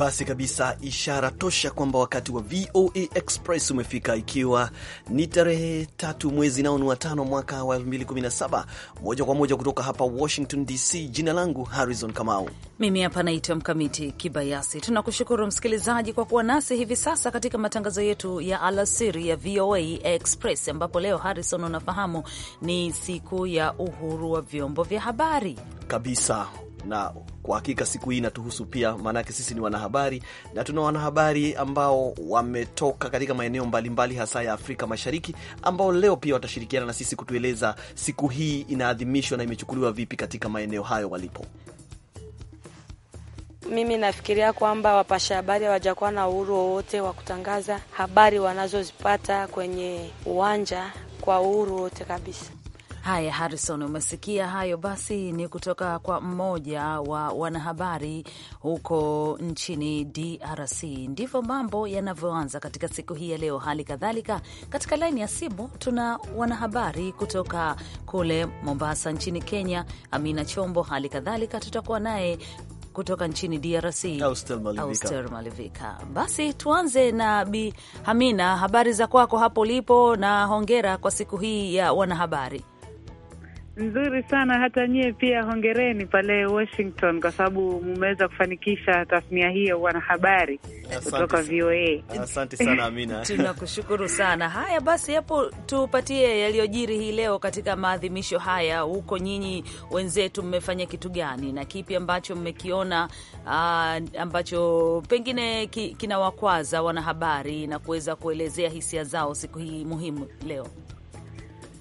Basi kabisa, ishara tosha kwamba wakati wa VOA Express umefika, ikiwa ni tarehe tatu mwezi nao ni tano mwaka wa 2017 moja kwa moja kutoka hapa Washington DC. Jina langu Harrison Kamau, mimi hapa naitwa Mkamiti Kibayasi. Tunakushukuru msikilizaji kwa kuwa nasi hivi sasa katika matangazo yetu ya alasiri ya VOA Express, ambapo leo Harrison, unafahamu ni siku ya uhuru wa vyombo vya habari kabisa na kwa hakika siku hii inatuhusu pia, maanake sisi ni wanahabari na tuna wanahabari ambao wametoka katika maeneo mbalimbali hasa ya Afrika Mashariki, ambao leo pia watashirikiana na sisi kutueleza siku hii inaadhimishwa na imechukuliwa vipi katika maeneo hayo walipo. Mimi nafikiria kwamba wapasha habari hawajakuwa na uhuru wowote wa kutangaza habari wanazozipata kwenye uwanja kwa uhuru wote kabisa. Haya, Harrison, umesikia hayo. Basi ni kutoka kwa mmoja wa wanahabari huko nchini DRC. Ndivyo mambo yanavyoanza katika siku hii ya leo. Hali kadhalika katika laini ya simu tuna wanahabari kutoka kule Mombasa nchini Kenya, Amina Chombo. Hali kadhalika tutakuwa naye kutoka nchini DRC Malivika. Malivika. Basi tuanze na Bi Hamina, habari za kwako hapo ulipo, na hongera kwa siku hii ya wanahabari. Nzuri sana hata nyie pia hongereni pale Washington kwa sababu mmeweza kufanikisha tasnia hii ya wanahabari kutoka VOA. Asante sana Amina. Tunakushukuru sana. Haya basi, hapo tupatie yaliyojiri hii leo katika maadhimisho haya. Huko nyinyi wenzetu mmefanya kitu gani na kipi ambacho mmekiona uh, ambacho pengine ki, kinawakwaza wanahabari na kuweza kuelezea hisia zao siku hii muhimu leo?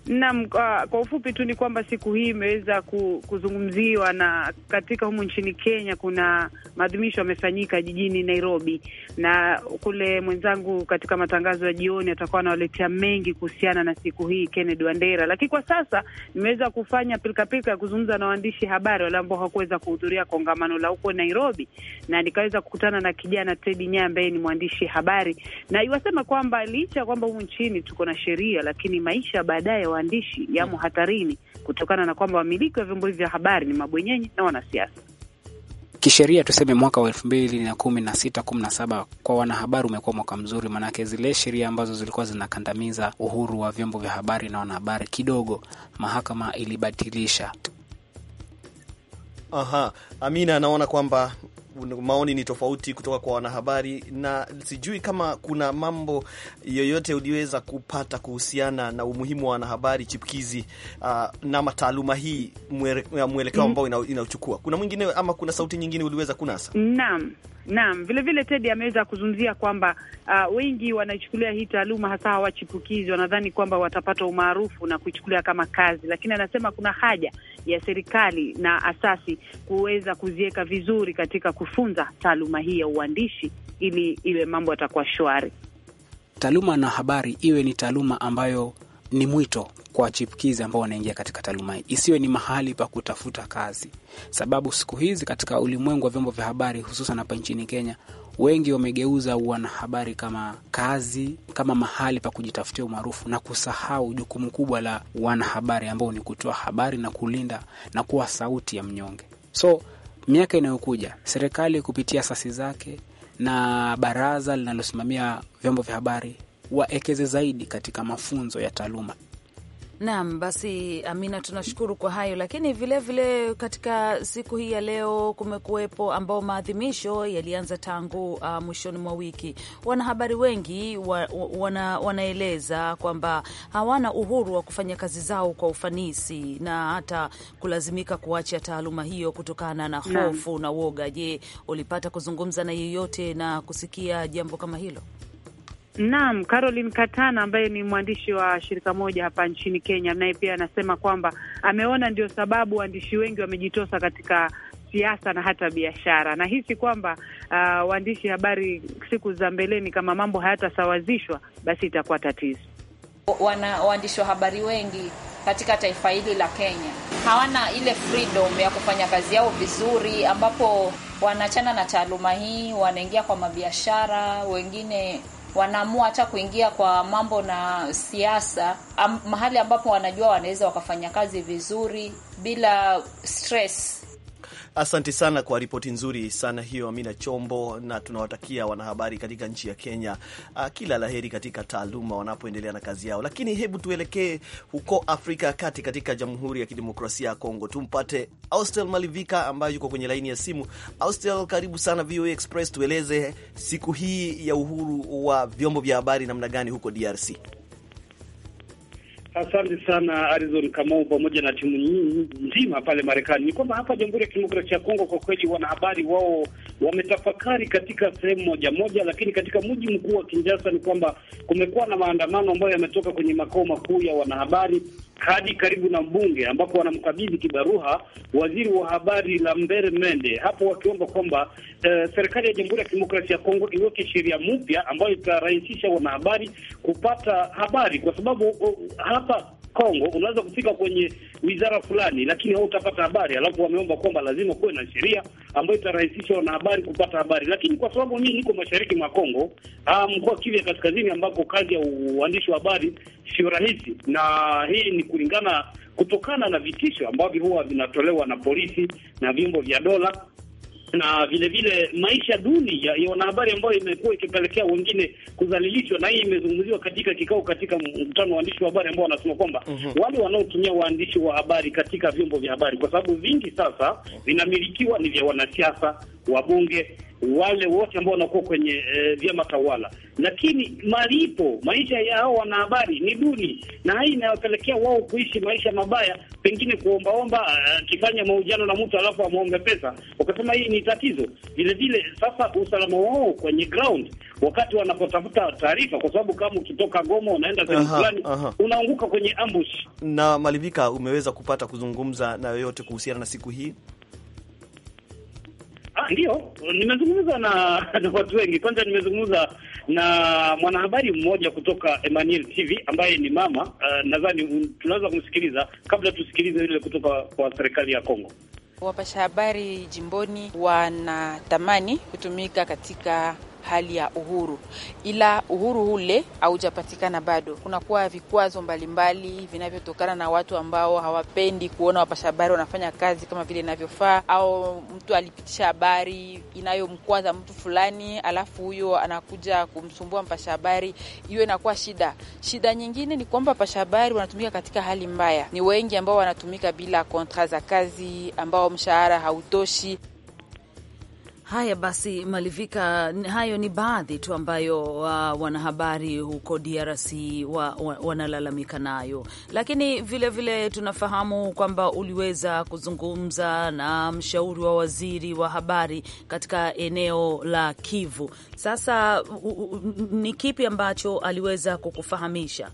Naam, kwa ufupi tu ni kwamba siku hii imeweza kuzungumziwa na katika humu nchini Kenya kuna maadhimisho yamefanyika jijini Nairobi, na kule mwenzangu katika matangazo ya jioni atakuwa anawaletea mengi kuhusiana na siku hii, Kennedy Wandera. Lakini kwa sasa nimeweza kufanya pilikapilika ya kuzungumza na waandishi habari wale ambao hawakuweza kuhudhuria kongamano la huko Nairobi, na nikaweza kukutana na kijana Teddy Nya ambaye ni mwandishi habari, na iwasema kwamba licha ya kwamba humu nchini tuko na sheria, lakini maisha baadaye wa waandishi yamo mm. hatarini kutokana na kwamba wamiliki wa vyombo hivi vya habari ni mabwenyenye na wanasiasa. Kisheria tuseme mwaka wa elfu mbili na kumi na sita kumi na saba kwa wanahabari umekuwa mwaka mzuri, maanake zile sheria ambazo zilikuwa zinakandamiza uhuru wa vyombo vya habari na wanahabari kidogo mahakama ilibatilisha. Aha, Amina anaona kwamba maoni ni tofauti kutoka kwa wanahabari, na sijui kama kuna mambo yoyote uliweza kupata kuhusiana na umuhimu wa wanahabari chipukizi uh, na taaluma hii mwelekeo mwele mm. ambao inauchukua. Kuna mwingine ama kuna sauti nyingine uliweza kunasa? Naam. Naam, vilevile Tedi ameweza kuzungumzia kwamba uh, wengi wanaichukulia hii taaluma, hasa hawachipukizi, wanadhani kwamba watapata umaarufu na kuichukulia kama kazi, lakini anasema kuna haja ya serikali na asasi kuweza kuziweka vizuri katika kufunza taaluma hii ya uandishi, ili iwe mambo yatakuwa shwari. Taaluma na habari iwe ni taaluma ambayo ni mwito kwa chipukizi ambao wanaingia katika taaluma hii, isiwe ni mahali pa kutafuta kazi, sababu siku hizi katika ulimwengu wa vyombo vya habari, hususan hapa nchini Kenya, wengi wamegeuza wanahabari kama kazi, kama mahali pa kujitafutia umaarufu na kusahau jukumu kubwa la wanahabari ambao ni kutoa habari na kulinda na kuwa sauti ya mnyonge. So miaka inayokuja serikali kupitia asasi zake na baraza linalosimamia vyombo vya habari waekeze zaidi katika mafunzo ya taaluma. Naam, basi Amina, tunashukuru kwa hayo. Lakini vilevile vile katika siku hii ya leo kumekuwepo ambao maadhimisho yalianza tangu uh, mwishoni mwa wiki. Wanahabari wengi wa, wana, wanaeleza kwamba hawana uhuru wa kufanya kazi zao kwa ufanisi na hata kulazimika kuacha taaluma hiyo kutokana na hofu na woga. Je, ulipata kuzungumza na yeyote na kusikia jambo kama hilo? Naam, Caroline Katana ambaye ni mwandishi wa shirika moja hapa nchini Kenya, naye pia anasema kwamba ameona ndio sababu waandishi wengi wamejitosa katika siasa na hata biashara. Nahisi kwamba uh, waandishi habari siku za mbeleni, kama mambo hayatasawazishwa, basi itakuwa tatizo. Wana waandishi wa habari wengi katika taifa hili la Kenya hawana ile freedom ya kufanya kazi yao vizuri, ambapo wanaachana na taaluma hii, wanaingia kwa mabiashara, wengine wanaamua hata kuingia kwa mambo na siasa am, mahali ambapo wanajua wanaweza wakafanya kazi vizuri bila stress Asante sana kwa ripoti nzuri sana hiyo, Amina Chombo, na tunawatakia wanahabari katika nchi ya Kenya uh, kila laheri katika taaluma wanapoendelea na kazi yao. Lakini hebu tuelekee huko Afrika ya Kati, katika Jamhuri ya Kidemokrasia ya Kongo, tumpate Austel Malivika ambayo yuko kwenye laini ya simu. Austel, karibu sana VOA Express, tueleze siku hii ya uhuru wa vyombo vya habari namna gani huko DRC? Asante sana Arizon Kamau pamoja na timu nzima pale Marekani. Ni kwamba hapa Jamhuri ya Kidemokrasia ya Kongo kwa kweli wanahabari wao wametafakari katika sehemu moja moja, lakini katika mji mkuu wa Kinshasa ni kwamba kumekuwa na maandamano ambayo yametoka kwenye makao makuu ya wanahabari hadi karibu na mbunge ambapo wanamkabidhi kibaruha waziri wa habari Lambert Mende, hapo wakiomba kwamba eh, serikali ya Jamhuri ya Kidemokrasia ya Kongo iweke sheria mpya ambayo itarahisisha wanahabari kupata habari, kwa sababu uh, hapa Kongo unaweza kufika kwenye wizara fulani, lakini utapata habari. Alafu wameomba kwamba lazima kuwe na sheria ambayo itarahisisha wanahabari kupata habari, lakini kwa sababu mimi niko mashariki mwa Kongo, ah, mkoa um, ya Kaskazini, ambako kazi ya uandishi wa habari sio rahisi, na hii ni kulingana kutokana na vitisho ambavyo huwa vinatolewa na polisi na vyombo vya dola na vile vile maisha duni ya wanahabari ambayo imekuwa ikipelekea wengine kudhalilishwa, na hii imezungumziwa katika kikao, katika mkutano wa waandishi wa habari ambao wanasema kwamba mhm. wale wanaotumia waandishi wa habari katika vyombo vya habari, kwa sababu vingi sasa vinamilikiwa ni vya wanasiasa, wabunge wale wote ambao wanakuwa kwenye e, vyama tawala, lakini malipo maisha ya hao wanahabari ni duni, na hii inawapelekea wao kuishi maisha mabaya, pengine kuombaomba, akifanya eh, mahojiano na mtu alafu amwombe pesa, wakasema hii ni tatizo. Vile vile sasa usalama wao kwenye ground, wakati wanapotafuta taarifa, kwa sababu kama ukitoka Goma unaenda sehemu fulani unaanguka kwenye ambush. Na Malivika, umeweza kupata kuzungumza na yoyote kuhusiana na siku hii? Ndio, nimezungumza na, na watu wengi. Kwanza nimezungumza na mwanahabari mmoja kutoka Emmanuel TV ambaye ni mama uh, nadhani tunaweza kumsikiliza kabla tusikilize ile kutoka kwa serikali ya Kongo. Wapasha habari jimboni wanatamani kutumika katika hali ya uhuru, ila uhuru ule haujapatikana bado. Kunakuwa vikwazo mbalimbali vinavyotokana na watu ambao hawapendi kuona wapasha habari wanafanya kazi kama vile inavyofaa, au mtu alipitisha habari inayomkwaza mtu fulani, alafu huyo anakuja kumsumbua mpasha habari, hiyo inakuwa shida. Shida nyingine ni kwamba wapasha habari wanatumika katika hali mbaya. Ni wengi ambao wanatumika bila kontra za kazi, ambao mshahara hautoshi. Haya basi, Malivika, hayo ni baadhi tu ambayo uh, wanahabari huko DRC wa, wa, wanalalamika nayo, lakini vilevile vile tunafahamu kwamba uliweza kuzungumza na mshauri wa waziri wa habari katika eneo la Kivu. Sasa u, u, ni kipi ambacho aliweza kukufahamisha?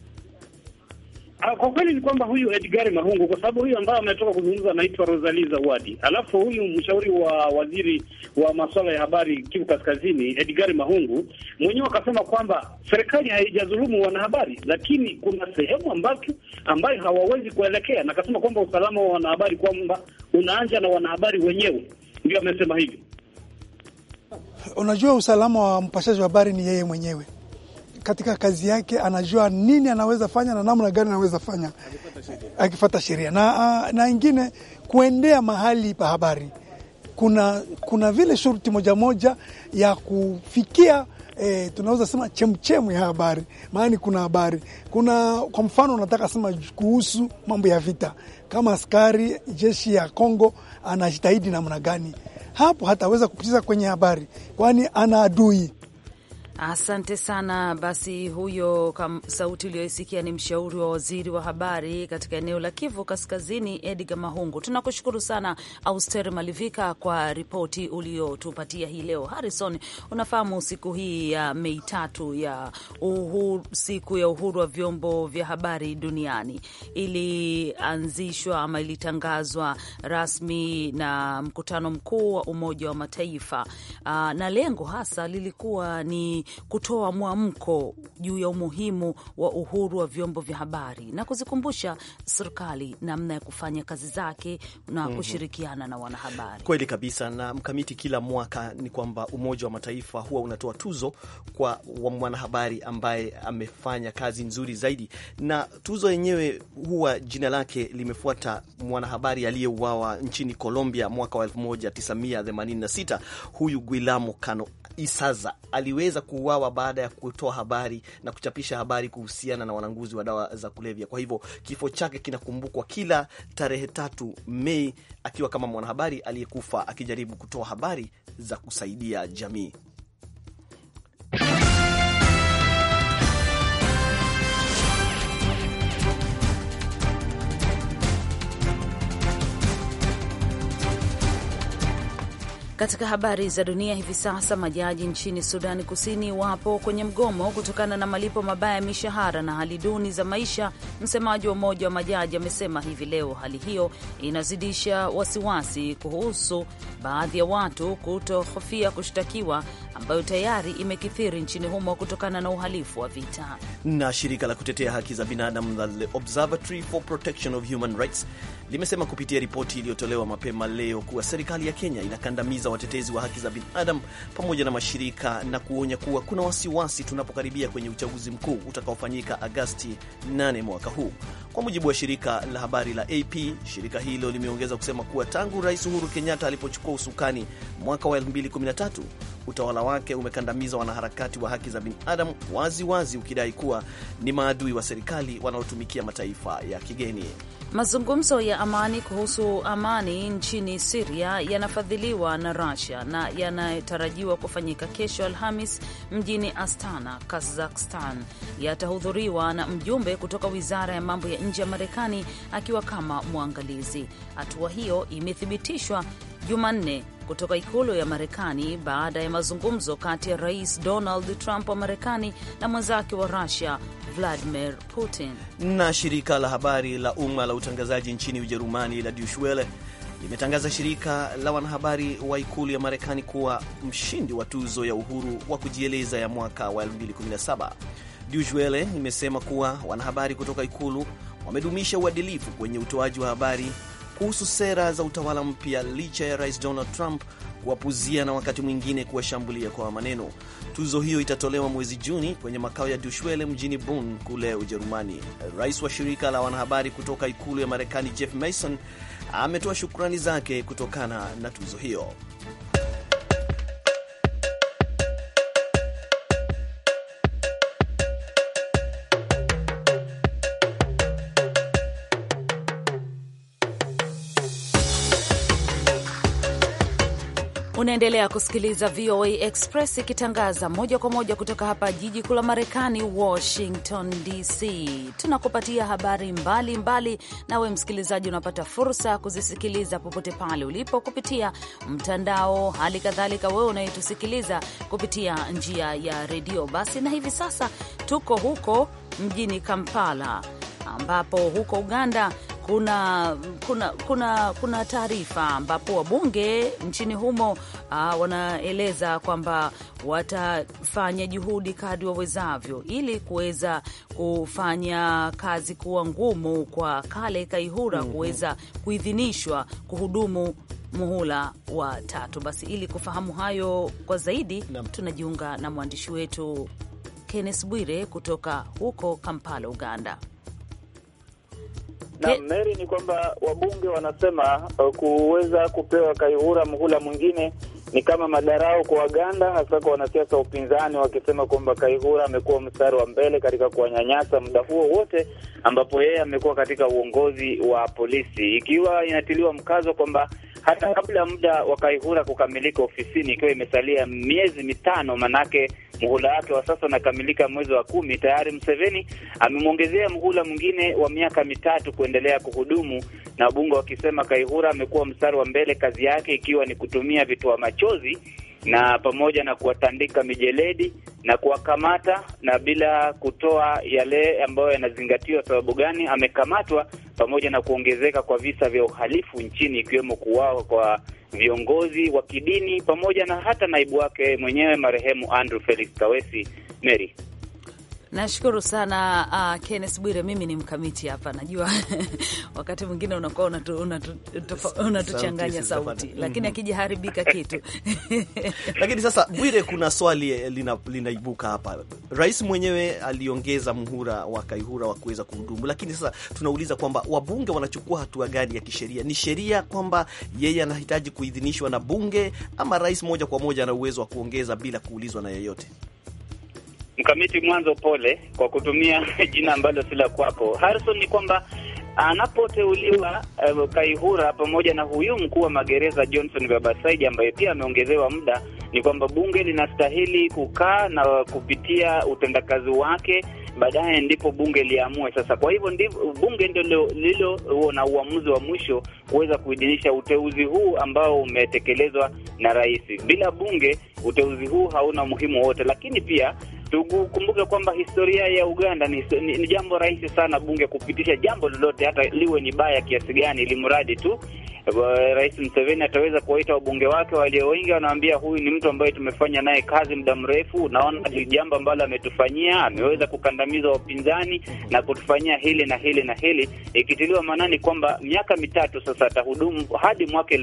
Ah, kwa kweli ni kwamba huyu Edgari Mahungu, kwa sababu huyu ambaye ametoka kuzungumza anaitwa Rosalie Zawadi, alafu huyu mshauri wa waziri wa masuala ya habari Kivu Kaskazini, Edgari Mahungu mwenyewe akasema kwamba serikali haijadhulumu wanahabari, lakini kuna sehemu ambayo ambayo hawawezi kuelekea, na akasema kwamba usalama wa wanahabari kwamba unaanja na wanahabari wenyewe, ndio amesema hivi. Unajua, usalama wa mpashaji wa habari ni yeye mwenyewe katika kazi yake anajua nini anaweza fanya na namna gani anaweza fanya akifata sheria na, ah, na ingine kuendea mahali pa habari. Kuna, kuna vile shurti moja moja ya kufikia E, tunaweza sema chemchemu ya habari, maana kuna habari, kuna kwa mfano, nataka sema kuhusu mambo ya vita, kama askari jeshi ya Kongo anajitahidi namna gani, hapo hataweza kupitiza kwenye habari, kwani ana adui. Asante sana. Basi huyo kam, sauti uliyoisikia ni mshauri wa waziri wa habari katika eneo la Kivu Kaskazini, Edgar Mahungu. Tunakushukuru sana Auster Malivika kwa ripoti uliotupatia hii leo. Harrison, unafahamu siku hii ya Mei tatu ya uhuru, siku ya uhuru wa vyombo vya habari duniani ilianzishwa ama ilitangazwa rasmi na mkutano mkuu wa Umoja wa Mataifa, na lengo hasa lilikuwa ni kutoa mwamko juu ya umuhimu wa uhuru wa vyombo vya habari na kuzikumbusha serikali namna ya kufanya kazi zake na mhm. kushirikiana na wanahabari. Kweli kabisa. Na mkamiti, kila mwaka ni kwamba Umoja wa Mataifa huwa unatoa tuzo kwa mwanahabari ambaye amefanya kazi nzuri zaidi, na tuzo yenyewe huwa jina lake limefuata mwanahabari aliyeuawa nchini Colombia mwaka wa 1986 huyu Guillermo Cano Isaza aliweza ku kuuawa baada ya kutoa habari na kuchapisha habari kuhusiana na wananguzi wa dawa za kulevya. Kwa hivyo kifo chake kinakumbukwa kila tarehe tatu Mei, akiwa kama mwanahabari aliyekufa akijaribu kutoa habari za kusaidia jamii. Katika habari za dunia hivi sasa, majaji nchini Sudani Kusini wapo kwenye mgomo kutokana na malipo mabaya ya mishahara na hali duni za maisha. Msemaji wa umoja wa majaji amesema hivi leo hali hiyo inazidisha wasiwasi kuhusu baadhi ya watu kutohofia kushtakiwa, ambayo tayari imekithiri nchini humo kutokana na uhalifu wa vita. Na shirika la kutetea haki za binadamu Observatory for Protection of Human Rights limesema kupitia ripoti iliyotolewa mapema leo kuwa serikali ya Kenya inakandamiza za watetezi wa haki za binadamu pamoja na mashirika na kuonya kuwa kuna wasiwasi tunapokaribia kwenye uchaguzi mkuu utakaofanyika Agasti 8 mwaka huu. Kwa mujibu wa shirika la habari la AP, shirika hilo limeongeza kusema kuwa tangu Rais Uhuru Kenyatta alipochukua usukani mwaka wa 2013 utawala wake umekandamiza wanaharakati wa haki za binadamu waziwazi, ukidai kuwa ni maadui wa serikali wanaotumikia mataifa ya kigeni. Mazungumzo ya amani kuhusu amani nchini Siria yanafadhiliwa na rasia na yanatarajiwa kufanyika kesho Alhamis mjini Astana, Kazakhstan. Yatahudhuriwa na mjumbe kutoka wizara ya mambo ya nje ya Marekani akiwa kama mwangalizi. Hatua hiyo imethibitishwa Jumanne kutoka ikulu ya Marekani baada ya mazungumzo kati ya Rais Donald Trump wa Marekani na mwenzake wa Rusia Vladimir Putin. Na shirika la habari la umma la utangazaji nchini Ujerumani la Deutsche Welle limetangaza shirika la wanahabari wa ikulu ya Marekani kuwa mshindi wa tuzo ya uhuru wa kujieleza ya mwaka wa 2017. Deutsche Welle imesema kuwa wanahabari kutoka ikulu wamedumisha uadilifu kwenye utoaji wa habari kuhusu sera za utawala mpya licha ya Rais Donald Trump kuwapuzia na wakati mwingine kuwashambulia kwa maneno. Tuzo hiyo itatolewa mwezi Juni kwenye makao ya Dushwele mjini Bonn kule Ujerumani. Rais wa shirika la wanahabari kutoka ikulu ya Marekani Jeff Mason ametoa shukrani zake kutokana na tuzo hiyo. Unaendelea kusikiliza VOA Express ikitangaza moja kwa moja kutoka hapa jiji kuu la Marekani, Washington DC. Tunakupatia habari mbalimbali mbali, nawe msikilizaji unapata fursa ya kuzisikiliza popote pale ulipo kupitia mtandao, hali kadhalika wewe unayetusikiliza kupitia njia ya redio. Basi na hivi sasa tuko huko mjini Kampala ambapo huko Uganda kuna kuna kuna, kuna taarifa ambapo wabunge nchini humo uh, wanaeleza kwamba watafanya juhudi kadri wawezavyo ili kuweza kufanya kazi kuwa ngumu kwa Kale Kaihura mhm. kuweza kuidhinishwa kuhudumu muhula wa tatu. Basi ili kufahamu hayo kwa zaidi, tunajiunga na mwandishi wetu Kenneth Bwire kutoka huko Kampala, Uganda na Meri ni kwamba wabunge wanasema uh, kuweza kupewa Kaihura muhula mwingine ni kama madarau kwa Waganda, hasa kwa wanasiasa wa upinzani, wakisema kwamba Kaihura amekuwa mstari wa mbele katika kuwanyanyasa muda huo wote ambapo yeye amekuwa katika uongozi wa polisi, ikiwa inatiliwa mkazo kwamba hata kabla muda wa Kaihura kukamilika ofisini, ikiwa imesalia miezi mitano, manake Muhula wake wa sasa unakamilika mwezi wa kumi. Tayari Mseveni amemwongezea muhula mwingine wa miaka mitatu kuendelea kuhudumu, na wabunge wakisema Kaihura amekuwa mstari wa mbele, kazi yake ikiwa ni kutumia vitoa machozi na pamoja na kuwatandika mijeledi na kuwakamata na bila kutoa yale ambayo yanazingatiwa sababu gani amekamatwa, pamoja na kuongezeka kwa visa vya uhalifu nchini ikiwemo kuuawa kwa viongozi wa kidini pamoja na hata naibu wake mwenyewe marehemu Andrew Felix kawesi Mary Nashukuru sana uh, Kenneth Bwire. Mimi ni mkamiti hapa, najua wakati mwingine unakuwa unatuchanganya sauti, lakini mm-hmm. akijaharibika kitu lakini sasa, Bwire, kuna swali eh, lina, linaibuka hapa. Rais mwenyewe aliongeza mhura wa kaihura wa kuweza kuhudumu, lakini sasa tunauliza kwamba wabunge wanachukua hatua gani ya kisheria? Ni sheria kwamba yeye anahitaji kuidhinishwa na bunge, ama rais moja kwa moja ana uwezo wa kuongeza bila kuulizwa na yeyote? Mkamiti mwanzo, pole kwa kutumia jina ambalo si la kwako. Harrison, ni kwamba anapoteuliwa uh, Kaihura pamoja na huyu mkuu wa magereza Johnson Babasaidi ambaye pia ameongezewa muda, ni kwamba bunge linastahili kukaa na kupitia utendakazi wake, baadaye ndipo bunge liamue. Sasa kwa hivyo ndivyo bunge ndio lilo na uamuzi wa mwisho kuweza kuidhinisha uteuzi huu ambao umetekelezwa na rais. Bila bunge uteuzi huu hauna umuhimu wote, lakini pia Tukumbuke kwamba historia ya Uganda ni, ni, ni jambo rahisi sana bunge kupitisha jambo lolote, hata liwe ni baya kiasi gani, ili mradi tu eh, Rais mseveni ataweza kuwaita wabunge wake walio wengi, wanaambia huyu ni mtu ambaye tumefanya naye kazi muda mrefu. Unaona jambo ambalo ametufanyia, ameweza kukandamiza wapinzani na kutufanyia hili na hili na hili, ikitiliwa maanani kwamba miaka mitatu sasa atahudumu hadi mwaka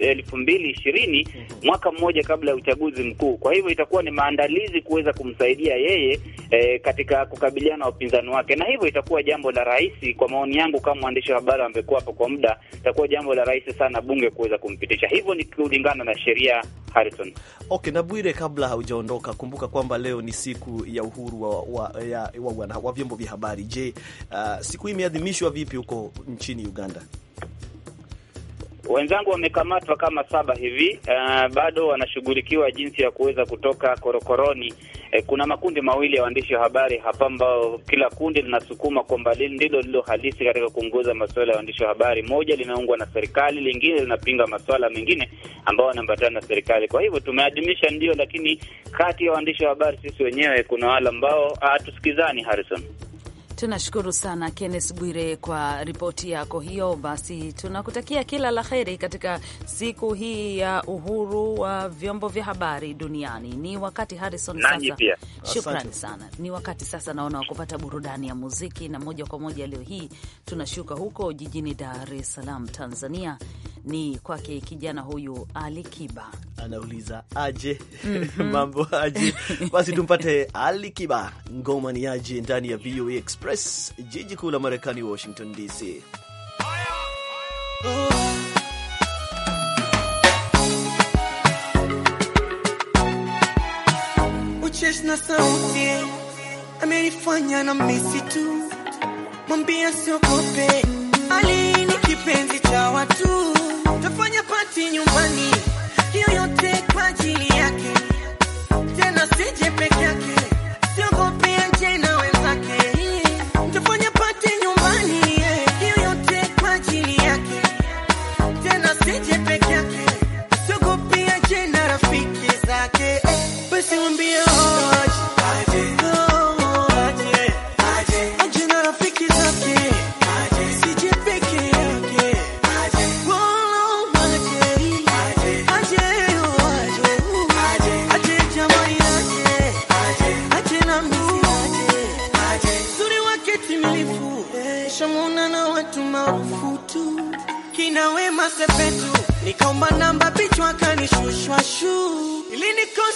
elfu mbili ishirini, mwaka mmoja kabla ya uchaguzi mkuu. Kwa hivyo itakuwa ni maandalizi kuweza kum kumsaidia yeye e, katika kukabiliana na upinzani wake, na hivyo itakuwa jambo la rahisi kwa maoni yangu, kama mwandishi wa habari amekuwa hapo kwa muda, itakuwa jambo la rahisi sana bunge kuweza kumpitisha. Hivyo ni kulingana na sheria Harrison. Okay, na Bwire, kabla haujaondoka, kumbuka kwamba leo ni siku ya uhuru wa wa, ya, wa, wa, wa vyombo vya habari. Je, uh, siku hii imeadhimishwa vipi huko nchini Uganda? Wenzangu wamekamatwa kama saba hivi, uh, bado wanashughulikiwa jinsi ya kuweza kutoka korokoroni. Eh, kuna makundi mawili ya waandishi wa habari hapa ambao kila kundi linasukuma kwamba ndilo lilo halisi katika kuongoza masuala ya waandishi wa habari. Moja linaungwa na serikali, lingine linapinga masuala mengine ambao wanaambatana na serikali. Kwa hivyo tumeadhimisha ndio, lakini kati ya waandishi wa habari sisi wenyewe kuna wale ambao ah, hatusikizani, Harrison. Tunashukuru sana kennes Bwire kwa ripoti yako hiyo. Basi tunakutakia kila la heri katika siku hii ya uhuru wa vyombo vya habari duniani. Ni wakati Harrison, sasa shukrani sana. Ni wakati sasa naona wakupata burudani ya muziki, na moja kwa moja leo hii tunashuka huko jijini Dar es Salaam, Tanzania. Ni kwake kijana huyu Ali Kiba, anauliza aje? mm -hmm. mambo aje? Basi tumpate Ali Kiba, ngoma ni aje ndani ya VOA e Express. Express, jiji kuu la Marekani, Washington DC. Uchesh na sauti amenifanya na misi tu, mwambia siogope, Ali ni kipenzi cha watu, tafanya pati nyumbani, hiyo yote kwa ajili yake, tena sije peke yake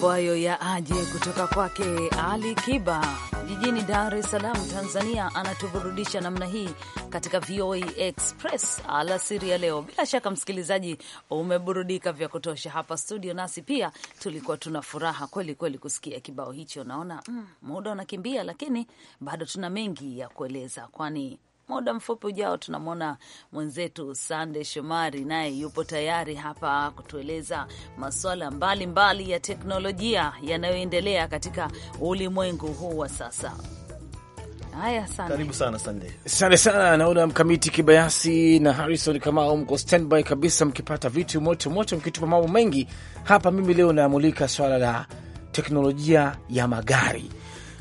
mambo hayo ya aje kutoka kwake Ali Kiba jijini Dar es Salaam, Tanzania, anatuburudisha namna hii katika VOA Express alasiri ya leo. Bila shaka, msikilizaji, umeburudika vya kutosha hapa studio, nasi pia tulikuwa tuna furaha kweli kweli kusikia kibao hicho. Naona mm, muda unakimbia, lakini bado tuna mengi ya kueleza, kwani Muda mfupi ujao tunamwona mwenzetu Sande Shomari, naye yupo tayari hapa kutueleza masuala mbalimbali ya teknolojia yanayoendelea katika ulimwengu huu wa sasa. Haya, karibu sana Sande. Asante sana, naona Mkamiti Kibayasi na Harrison Kamau mko standby kabisa, mkipata vitu moto moto, mkitupa mambo mengi hapa. Mimi leo namulika swala la teknolojia ya magari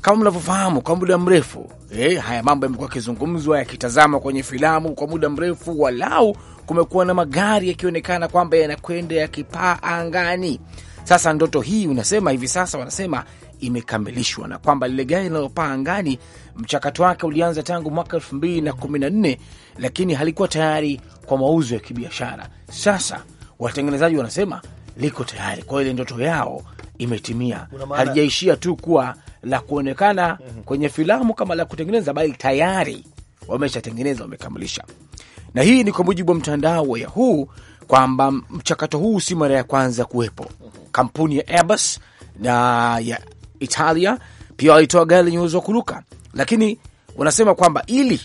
kama mnavyofahamu kwa muda mrefu eh, haya mambo yamekuwa yakizungumzwa yakitazama kwenye filamu kwa muda mrefu, walau kumekuwa na magari yakionekana kwamba yanakwenda yakipaa angani. Sasa ndoto hii unasema hivi sasa wanasema imekamilishwa na kwamba lile gari linalopaa angani mchakato wake ulianza tangu mwaka elfu mbili na kumi na nne lakini halikuwa tayari kwa mauzo ya kibiashara. Sasa watengenezaji wanasema liko tayari, kwa ile ndoto yao imetimia, halijaishia tu kuwa la kuonekana mm -hmm. kwenye filamu kama la kutengeneza, bali tayari wameshatengeneza, wamekamilisha. Na hii ni kwa mujibu wa mtandao wa Yahoo kwamba mchakato huu si mara ya kwanza kuwepo. mm -hmm. Kampuni ya Airbus na ya Italia pia walitoa gari lenye uwezo wa kuruka, lakini wanasema kwamba ili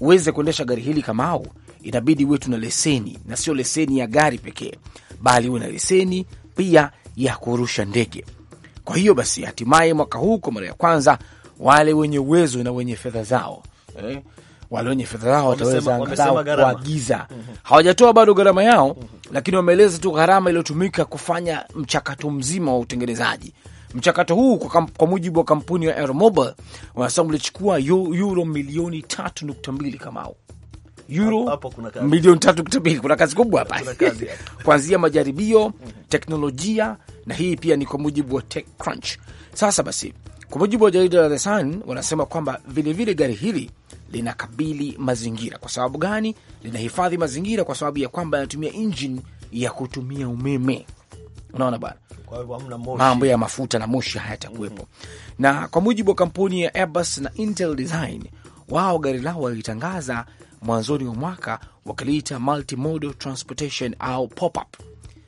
uweze kuendesha gari hili Kamau, inabidi uwe tuna leseni na sio leseni ya gari pekee, bali uwe na leseni pia ya kurusha ndege. Kwa hiyo basi, hatimaye mwaka huu kwa mara ya kwanza wale wenye uwezo na wenye fedha zao eh, wale wenye fedha zao wataweza angalau kuagiza. mm -hmm. Hawajatoa bado gharama yao, mm -hmm. lakini wameeleza tu gharama iliyotumika kufanya mchakato mzima wa utengenezaji. Mchakato huu kwa, kwa mujibu wa kampuni ya Aeromobile wanasema ulichukua euro milioni tatu nukta mbili kamao euro milioni tatu nukta mbili. Kuna kazi kubwa hapa kuanzia majaribio, teknolojia na hii pia ni kwa mujibu wa TechCrunch. Sasa basi, kwa mujibu wa jarida la The Sun wanasema kwamba vilevile gari hili linakabili mazingira. Kwa sababu gani? Linahifadhi mazingira kwa sababu ya kwamba yanatumia injini ya kutumia umeme. Unaona bwana, mambo ya mafuta na moshi hayatakuwepo. mm -hmm. Na kwa mujibu wa kampuni ya Airbus na Intel Design, wao gari lao walitangaza mwanzoni wa mwaka wakiliita multimodal transportation au popup.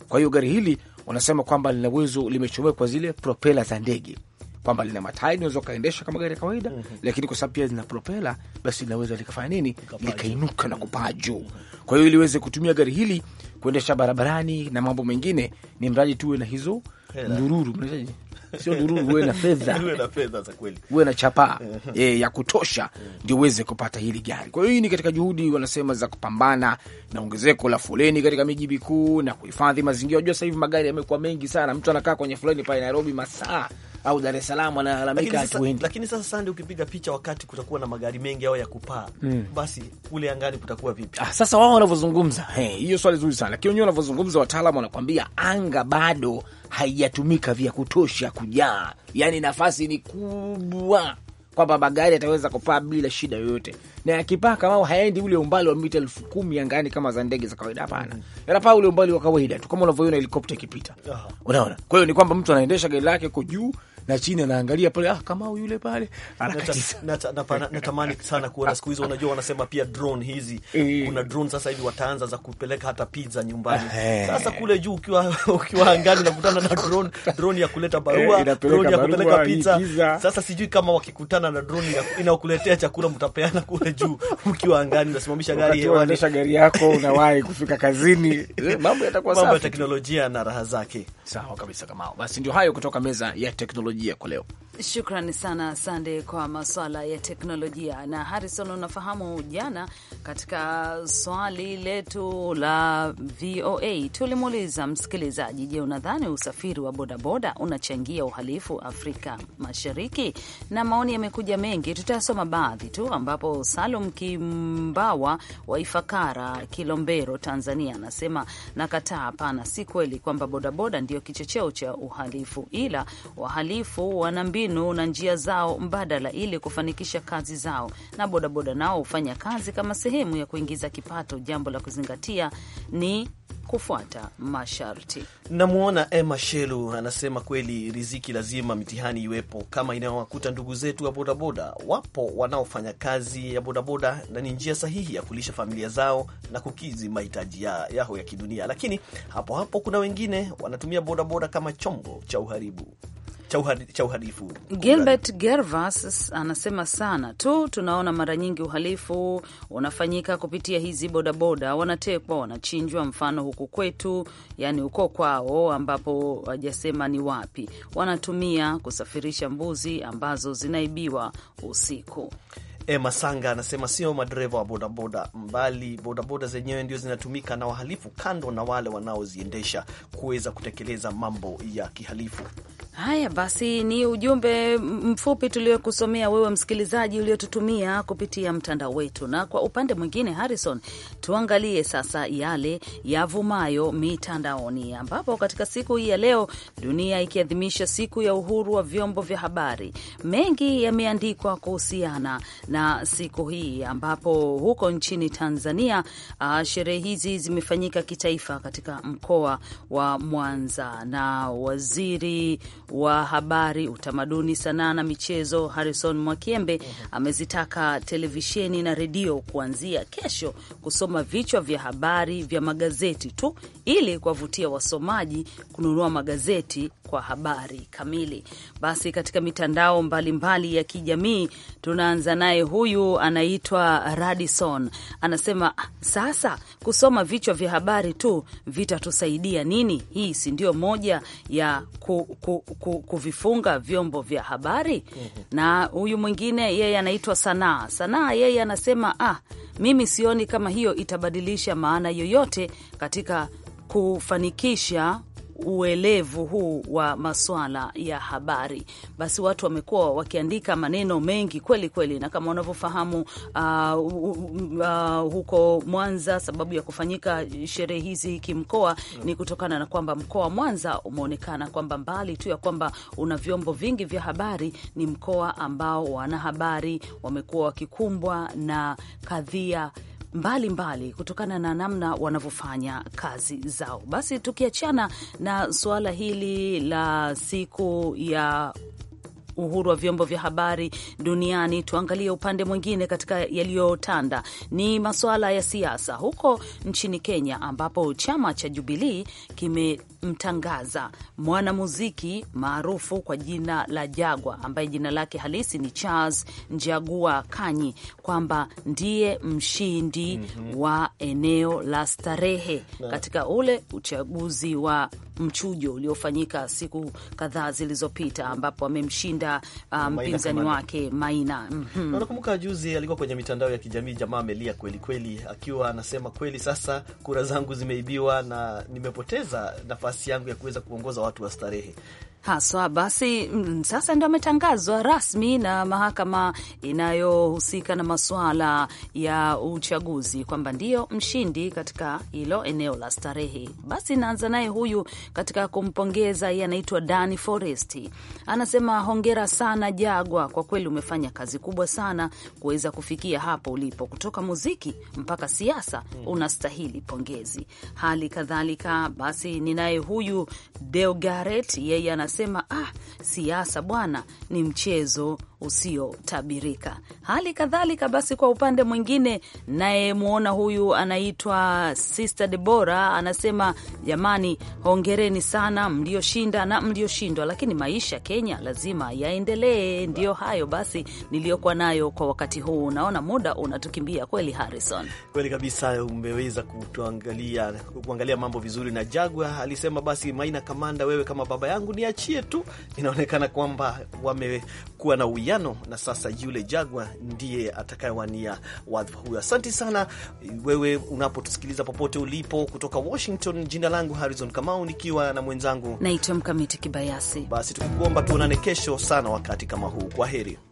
Kwa hiyo gari hili wanasema kwamba lina uwezo, limechomekwa zile propela za ndege, kwamba lina matai unaweza ukaendesha kama gari ya kawaida mm -hmm. Lakini kwa sababu pia zina propela, basi linaweza likafanya nini, likainuka na kupaa juu. Kwa hiyo ili kutumia gari hili kuendesha barabarani na mambo mengine, ni mradi tuwe na hizo ndururu sio dururu, uwe na fedha uwe na chapa e, ya kutosha ndio uweze kupata hili gari. Kwa hiyo hii ni katika juhudi wanasema za kupambana na ongezeko la foleni katika miji mikuu na kuhifadhi mazingira. Unajua sasa hivi magari yamekuwa mengi sana, mtu anakaa kwenye foleni pale Nairobi masaa au Dar es Salaam wanalalamika hatu Lakini sasa sande, ukipiga picha wakati kutakuwa na magari mengi au ya kupaa mm, basi kule angani kutakuwa vipi? Ah, sasa wao wanavyozungumza, hiyo hey, swali zuri sana lakini wenyewe wanavyozungumza, wataalamu wanakwambia anga bado haijatumika vya kutosha kujaa, yaani nafasi ni kubwa kwamba magari yataweza kupaa bila shida yoyote, na yakipaa kama hayaendi ule umbali wa mita elfu kumi angani kama za ndege za kawaida. Hapana, hmm. yanapaa ule umbali wa kawaida tu, kama unavyoona helikopta ikipita, unaona. Kwa hiyo ni kwamba mtu anaendesha gari lake ko juu, na chini anaangalia pale, ah, Kamau yule pale natamani sana kuona siku hizo. Unajua wanasema pia drone hizi, eh. kuna drone sasa hivi wataanza za kupeleka hata pizza nyumbani. Eh. Sasa kule juu ukiwa ukiwa angani nakutana na drone, drone ya kuleta barua, eh, drone ya kupeleka pizza. Sasa sijui kama wakikutana na drone inayokuletea chakula mtapeana kule juu ukiwa angani, unasimamisha gari hewani, unaendesha gari yako, unawahi kufika kazini. Mambo yatakuwa safi, mambo ya teknolojia na raha zake. Sawa kabisa, Kamau. Basi ndio hayo kutoka meza ya teknolojia tunayotarajia kwa leo. Shukrani sana Sande kwa maswala ya teknolojia. Na Harrison, unafahamu jana katika swali letu la VOA tulimuuliza msikilizaji, je, unadhani usafiri wa bodaboda unachangia uhalifu Afrika Mashariki? Na maoni yamekuja mengi, tutayasoma baadhi tu, ambapo Salum Kimbawa wa Ifakara, Kilombero, Tanzania anasema nakataa, hapana, si kweli kwamba bodaboda ndio kichocheo cha uhalifu, ila wahalifu wana mbinu mbinu na njia zao mbadala ili kufanikisha kazi zao, na bodaboda nao hufanya kazi kama sehemu ya kuingiza kipato. Jambo la kuzingatia ni kufuata masharti. Namwona Emma Shelu anasema kweli, riziki lazima mitihani iwepo, kama inayowakuta ndugu zetu wa bodaboda. Wapo wanaofanya kazi ya bodaboda na ni njia sahihi ya kulisha familia zao na kukizi mahitaji ya, yao ya kidunia, lakini hapo hapo kuna wengine wanatumia bodaboda kama chombo cha uharibu cha uhalifu. Gilbert Gervas anasema sana tu tunaona mara nyingi uhalifu unafanyika kupitia hizi bodaboda, wanatekwa, wanachinjwa, mfano huku kwetu, yani huko kwao, ambapo wajasema ni wapi, wanatumia kusafirisha mbuzi ambazo zinaibiwa usiku. E, Masanga anasema sio madereva wa bodaboda mbali, bodaboda zenyewe ndio zinatumika na wahalifu, kando na wale wanaoziendesha kuweza kutekeleza mambo ya kihalifu. Haya basi, ni ujumbe mfupi tuliokusomea wewe msikilizaji uliotutumia kupitia mtandao wetu. Na kwa upande mwingine, Harrison, tuangalie sasa yale yavumayo mitandaoni, ambapo katika siku hii ya leo, dunia ikiadhimisha siku ya uhuru wa vyombo vya habari, mengi yameandikwa kuhusiana na siku hii, ambapo huko nchini Tanzania ah, sherehe hizi zimefanyika kitaifa katika mkoa wa Mwanza na waziri wa habari, utamaduni, sanaa na michezo Harrison Mwakiembe amezitaka televisheni na redio kuanzia kesho kusoma vichwa vya habari vya magazeti tu ili kuwavutia wasomaji kununua magazeti kwa habari kamili. Basi katika mitandao mbalimbali mbali ya kijamii tunaanza naye, huyu anaitwa Radison anasema, sasa kusoma vichwa vya habari tu vitatusaidia nini? Hii si ndio moja ya ku, ku, kuvifunga vyombo vya habari -hmm. Na huyu mwingine yeye anaitwa Sanaa. Sanaa yeye anasema ah, mimi sioni kama hiyo itabadilisha maana yoyote katika kufanikisha uelevu huu wa maswala ya habari, basi watu wamekuwa wakiandika maneno mengi kweli kweli, na kama unavyofahamu uh, uh, huko Mwanza, sababu ya kufanyika sherehe hizi kimkoa ni kutokana na kwamba mkoa wa Mwanza umeonekana kwamba mbali tu ya kwamba una vyombo vingi vya habari, ni mkoa ambao wanahabari wamekuwa wakikumbwa na kadhia mbalimbali mbali, kutokana na namna wanavyofanya kazi zao. Basi tukiachana na suala hili la siku ya uhuru wa vyombo vya habari duniani, tuangalie upande mwingine katika yaliyotanda, ni masuala ya siasa huko nchini Kenya, ambapo chama cha Jubilii kimemtangaza mwanamuziki maarufu kwa jina la Jagwa, ambaye jina lake halisi ni Charles Njagua Kanyi, kwamba ndiye mshindi mm -hmm. wa eneo la starehe katika ule uchaguzi wa mchujo uliofanyika siku kadhaa zilizopita ambapo amemshinda uh, mpinzani um, wake Maina. mm -hmm. Nakumbuka juzi alikuwa kwenye mitandao ya kijamii, jamaa amelia kweli kweli, akiwa anasema kweli, sasa kura zangu zimeibiwa na nimepoteza nafasi yangu ya kuweza kuongoza watu wa starehe haswa. Basi sasa ndo ametangazwa rasmi na mahakama inayohusika na masuala ya uchaguzi kwamba ndiyo mshindi katika hilo eneo la starehe. Basi naanza naye huyu katika kumpongeza, yeye anaitwa Dani Forest, anasema hongera sana Jagwa, kwa kweli umefanya kazi kubwa sana kuweza kufikia hapo ulipo, kutoka muziki mpaka siasa, unastahili pongezi. Hali kadhalika basi ninaye huyu Deogaret, yeye anasema wanasema ah, siasa bwana ni mchezo usiotabirika. Hali kadhalika basi, kwa upande mwingine, nayemwona huyu anaitwa Sister Debora anasema, jamani, hongereni sana mlioshinda na mlioshindwa, lakini maisha Kenya lazima yaendelee. Ndiyo hayo basi niliyokuwa nayo kwa wakati huu. Unaona muda unatukimbia kweli, Harrison. Kweli kabisa, umeweza kutuangalia kuangalia mambo vizuri, na Jagwa alisema basi, Maina kamanda, wewe kama baba yangu niachie tu. Inaonekana kwamba wamekuwa na uya makubaliano, na sasa yule Jagwa ndiye atakayewania wadhifa huyo. Asante sana wewe unapotusikiliza popote ulipo, kutoka Washington. Jina langu Harrison Kamau, nikiwa na mwenzangu naitwa Mkamiti Kibayasi. Basi tukikuomba tuonane kesho sana wakati kama huu. Kwa heri.